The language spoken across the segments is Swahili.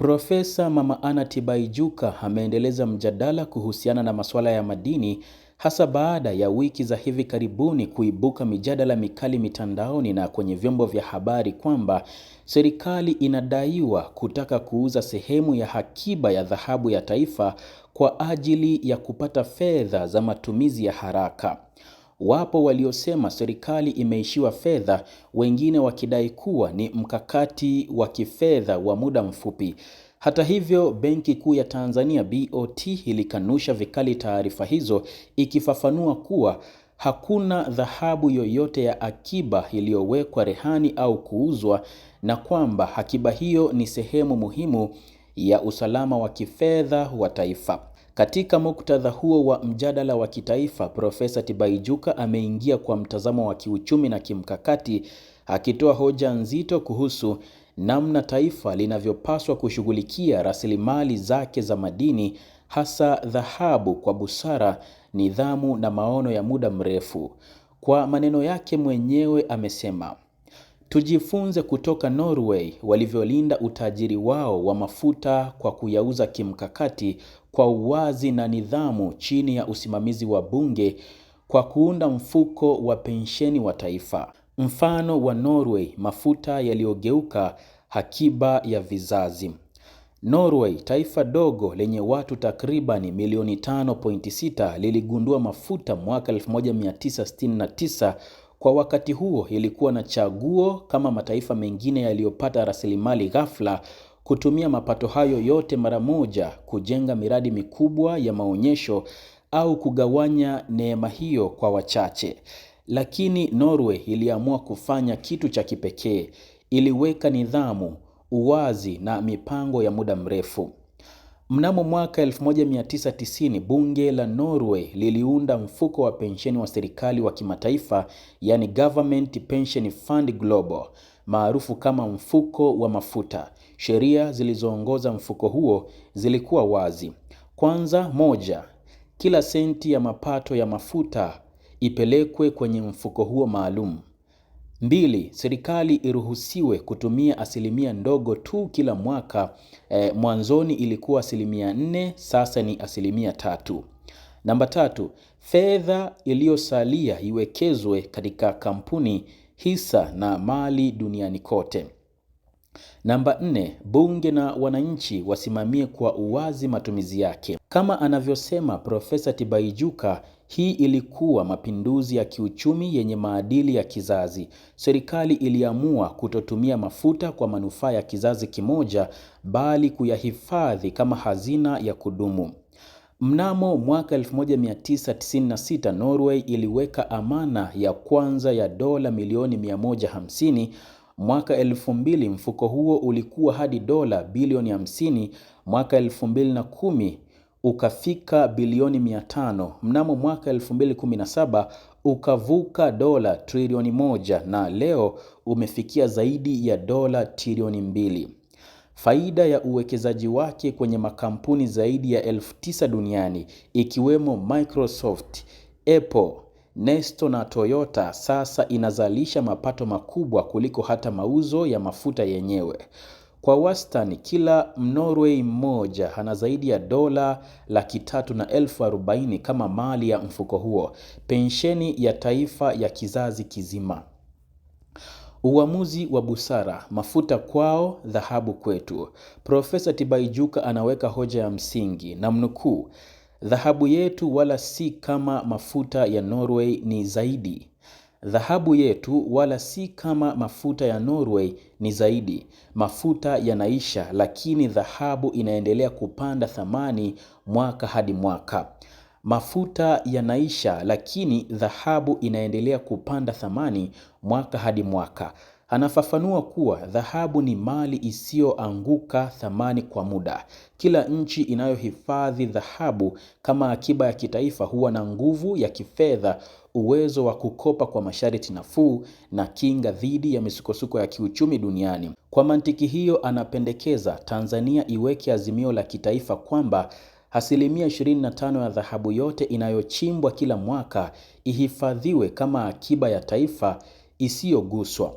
Profesa Mama Anna Tibaijuka ameendeleza mjadala kuhusiana na masuala ya madini hasa baada ya wiki za hivi karibuni kuibuka mijadala mikali mitandaoni na kwenye vyombo vya habari kwamba serikali inadaiwa kutaka kuuza sehemu ya hakiba ya dhahabu ya taifa kwa ajili ya kupata fedha za matumizi ya haraka. Wapo waliosema serikali imeishiwa fedha, wengine wakidai kuwa ni mkakati wa kifedha wa muda mfupi. Hata hivyo, Benki Kuu ya Tanzania BOT ilikanusha vikali taarifa hizo ikifafanua kuwa hakuna dhahabu yoyote ya akiba iliyowekwa rehani au kuuzwa na kwamba akiba hiyo ni sehemu muhimu ya usalama wa kifedha wa taifa. Katika muktadha huo wa mjadala wa kitaifa, Profesa Tibaijuka ameingia kwa mtazamo wa kiuchumi na kimkakati, akitoa hoja nzito kuhusu namna taifa linavyopaswa kushughulikia rasilimali zake za madini, hasa dhahabu, kwa busara, nidhamu na maono ya muda mrefu. Kwa maneno yake mwenyewe amesema Tujifunze kutoka Norway walivyolinda utajiri wao wa mafuta kwa kuyauza kimkakati kwa uwazi na nidhamu chini ya usimamizi wa bunge kwa kuunda mfuko wa pensheni wa taifa. Mfano wa Norway, mafuta yaliyogeuka hakiba ya vizazi. Norway, taifa dogo lenye watu takribani milioni 5.6, liligundua mafuta mwaka 1969 kwa wakati huo ilikuwa na chaguo kama mataifa mengine yaliyopata rasilimali ghafla kutumia mapato hayo yote mara moja kujenga miradi mikubwa ya maonyesho au kugawanya neema hiyo kwa wachache. Lakini Norway iliamua kufanya kitu cha kipekee. Iliweka nidhamu, uwazi na mipango ya muda mrefu. Mnamo mwaka 1990 bunge la Norway liliunda mfuko wa pensheni wa serikali wa kimataifa, yani Government Pension Fund Global, maarufu kama mfuko wa mafuta. Sheria zilizoongoza mfuko huo zilikuwa wazi. Kwanza, moja, kila senti ya mapato ya mafuta ipelekwe kwenye mfuko huo maalum. Mbili, serikali iruhusiwe kutumia asilimia ndogo tu kila mwaka. E, mwanzoni ilikuwa asilimia nne, sasa ni asilimia tatu. Namba tatu, fedha iliyosalia iwekezwe katika kampuni, hisa na mali duniani kote. Namba nne, bunge na wananchi wasimamie kwa uwazi matumizi yake. Kama anavyosema Profesa Tibaijuka, hii ilikuwa mapinduzi ya kiuchumi yenye maadili ya kizazi. Serikali iliamua kutotumia mafuta kwa manufaa ya kizazi kimoja, bali kuyahifadhi kama hazina ya kudumu. Mnamo mwaka 1996 Norway iliweka amana ya kwanza ya dola milioni 150 Mwaka elfu mbili mfuko huo ulikuwa hadi dola bilioni 50. Mwaka elfu mbili na kumi ukafika bilioni 500. Mnamo mwaka 2017 ukavuka dola trilioni moja na leo umefikia zaidi ya dola trilioni mbili. Faida ya uwekezaji wake kwenye makampuni zaidi ya elfu tisa duniani ikiwemo Microsoft, Apple, Nesto na Toyota sasa inazalisha mapato makubwa kuliko hata mauzo ya mafuta yenyewe. Kwa wastani kila Mnorway mmoja ana zaidi ya dola laki tatu na elfu arobaini kama mali ya mfuko huo, pensheni ya taifa ya kizazi kizima. Uamuzi wa busara: mafuta kwao, dhahabu kwetu. Profesa Tibaijuka anaweka hoja ya msingi, namnukuu: Dhahabu yetu wala si kama mafuta ya Norway ni zaidi. Dhahabu yetu wala si kama mafuta ya Norway ni zaidi. Mafuta yanaisha, lakini dhahabu inaendelea kupanda thamani mwaka hadi mwaka. Mafuta yanaisha, lakini dhahabu inaendelea kupanda thamani mwaka hadi mwaka. Anafafanua kuwa dhahabu ni mali isiyoanguka thamani kwa muda. Kila nchi inayohifadhi dhahabu kama akiba ya kitaifa huwa na nguvu ya kifedha, uwezo wa kukopa kwa masharti nafuu na kinga dhidi ya misukosuko ya kiuchumi duniani. Kwa mantiki hiyo, anapendekeza Tanzania iweke azimio la kitaifa kwamba asilimia 25 ya dhahabu yote inayochimbwa kila mwaka ihifadhiwe kama akiba ya taifa isiyoguswa.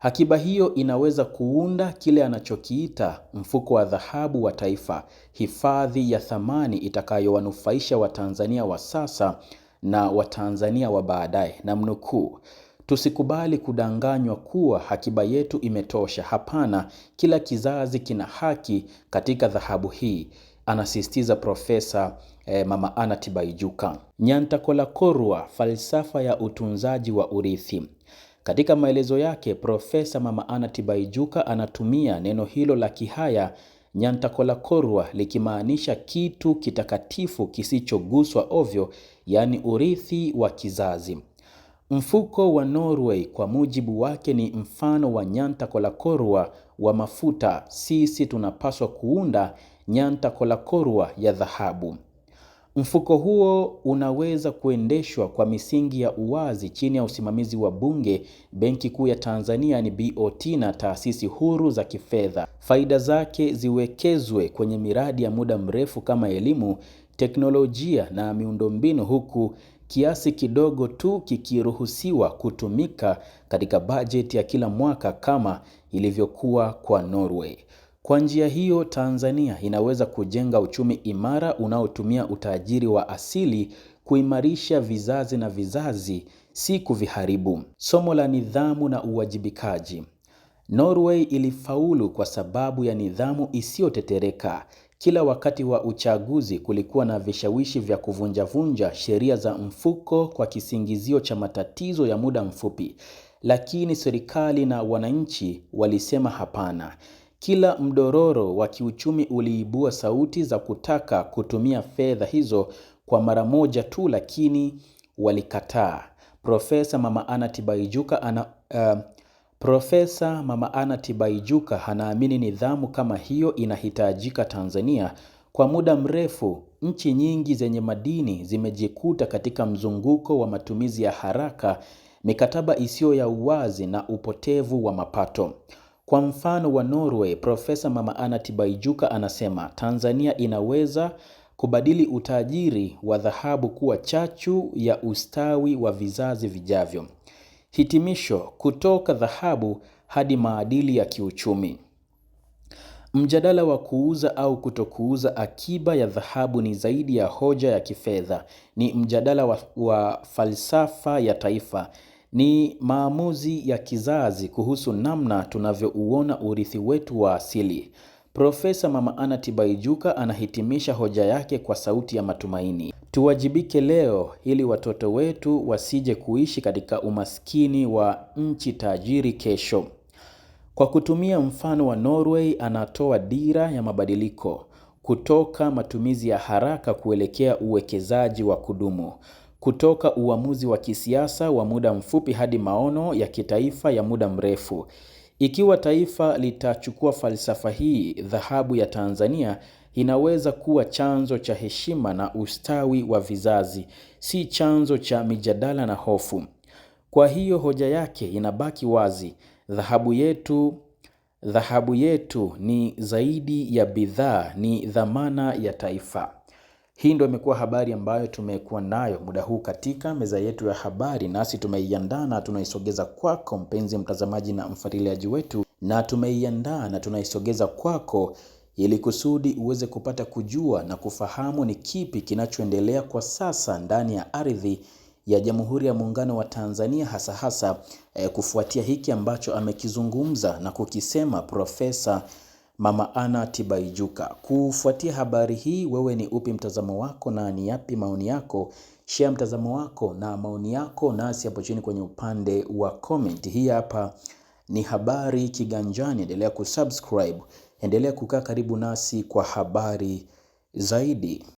Akiba hiyo inaweza kuunda kile anachokiita mfuko wa dhahabu wa taifa, hifadhi ya thamani itakayowanufaisha Watanzania wa sasa na Watanzania wa baadaye. Namnukuu, tusikubali kudanganywa kuwa akiba yetu imetosha. Hapana, kila kizazi kina haki katika dhahabu hii, anasisitiza Profesa eh, Mama Anna Tibaijuka. Nyantakolakorwa, falsafa ya utunzaji wa urithi. Katika maelezo yake, Profesa Mama Anna Tibaijuka anatumia neno hilo la Kihaya nyantakolakorwa likimaanisha kitu kitakatifu kisichoguswa ovyo, yaani urithi wa kizazi. Mfuko wa Norway kwa mujibu wake ni mfano wa nyantakolakorwa wa mafuta. Sisi tunapaswa kuunda nyantakolakorwa ya dhahabu. Mfuko huo unaweza kuendeshwa kwa misingi ya uwazi chini ya usimamizi wa Bunge, Benki Kuu ya Tanzania ni BOT na taasisi huru za kifedha. Faida zake ziwekezwe kwenye miradi ya muda mrefu kama elimu, teknolojia na miundombinu huku kiasi kidogo tu kikiruhusiwa kutumika katika bajeti ya kila mwaka kama ilivyokuwa kwa Norway. Kwa njia hiyo, Tanzania inaweza kujenga uchumi imara unaotumia utajiri wa asili kuimarisha vizazi na vizazi, si kuviharibu. Somo la nidhamu na uwajibikaji. Norway ilifaulu kwa sababu ya nidhamu isiyotetereka. Kila wakati wa uchaguzi kulikuwa na vishawishi vya kuvunjavunja sheria za mfuko kwa kisingizio cha matatizo ya muda mfupi, lakini serikali na wananchi walisema hapana. Kila mdororo wa kiuchumi uliibua sauti za kutaka kutumia fedha hizo kwa mara moja tu, lakini walikataa. Profesa Mama Anna Tibaijuka ana, uh, Profesa Mama Anna Tibaijuka anaamini nidhamu kama hiyo inahitajika Tanzania. Kwa muda mrefu, nchi nyingi zenye madini zimejikuta katika mzunguko wa matumizi ya haraka, mikataba isiyo ya uwazi na upotevu wa mapato. Kwa mfano wa Norway, Profesa Mama Anna Tibaijuka anasema Tanzania inaweza kubadili utajiri wa dhahabu kuwa chachu ya ustawi wa vizazi vijavyo. Hitimisho, kutoka dhahabu hadi maadili ya kiuchumi. Mjadala wa kuuza au kutokuuza akiba ya dhahabu ni zaidi ya hoja ya kifedha, ni mjadala wa, wa falsafa ya taifa. Ni maamuzi ya kizazi kuhusu namna tunavyouona urithi wetu wa asili. Profesa Mama Anna Tibaijuka anahitimisha hoja yake kwa sauti ya matumaini. Tuwajibike leo ili watoto wetu wasije kuishi katika umaskini wa nchi tajiri kesho. Kwa kutumia mfano wa Norway, anatoa dira ya mabadiliko kutoka matumizi ya haraka kuelekea uwekezaji wa kudumu kutoka uamuzi wa kisiasa wa muda mfupi hadi maono ya kitaifa ya muda mrefu. Ikiwa taifa litachukua falsafa hii, dhahabu ya Tanzania inaweza kuwa chanzo cha heshima na ustawi wa vizazi, si chanzo cha mijadala na hofu. Kwa hiyo hoja yake inabaki wazi. Dhahabu yetu, dhahabu yetu ni zaidi ya bidhaa, ni dhamana ya taifa. Hii ndio imekuwa habari ambayo tumekuwa nayo muda huu katika meza yetu ya habari, nasi tumeiandaa na tunaisogeza kwako mpenzi mtazamaji na mfuatiliaji wetu, na tumeiandaa na tunaisogeza kwako ili kusudi uweze kupata kujua na kufahamu ni kipi kinachoendelea kwa sasa ndani ya ardhi ya Jamhuri ya Muungano wa Tanzania hasa hasa eh, kufuatia hiki ambacho amekizungumza na kukisema Profesa Mama Anna Tibaijuka. Kufuatia habari hii, wewe ni upi mtazamo wako na ni yapi maoni yako? Share mtazamo wako na maoni yako nasi hapo chini kwenye upande wa comment. Hii hapa ni habari Kiganjani, endelea kusubscribe, endelea kukaa karibu nasi kwa habari zaidi.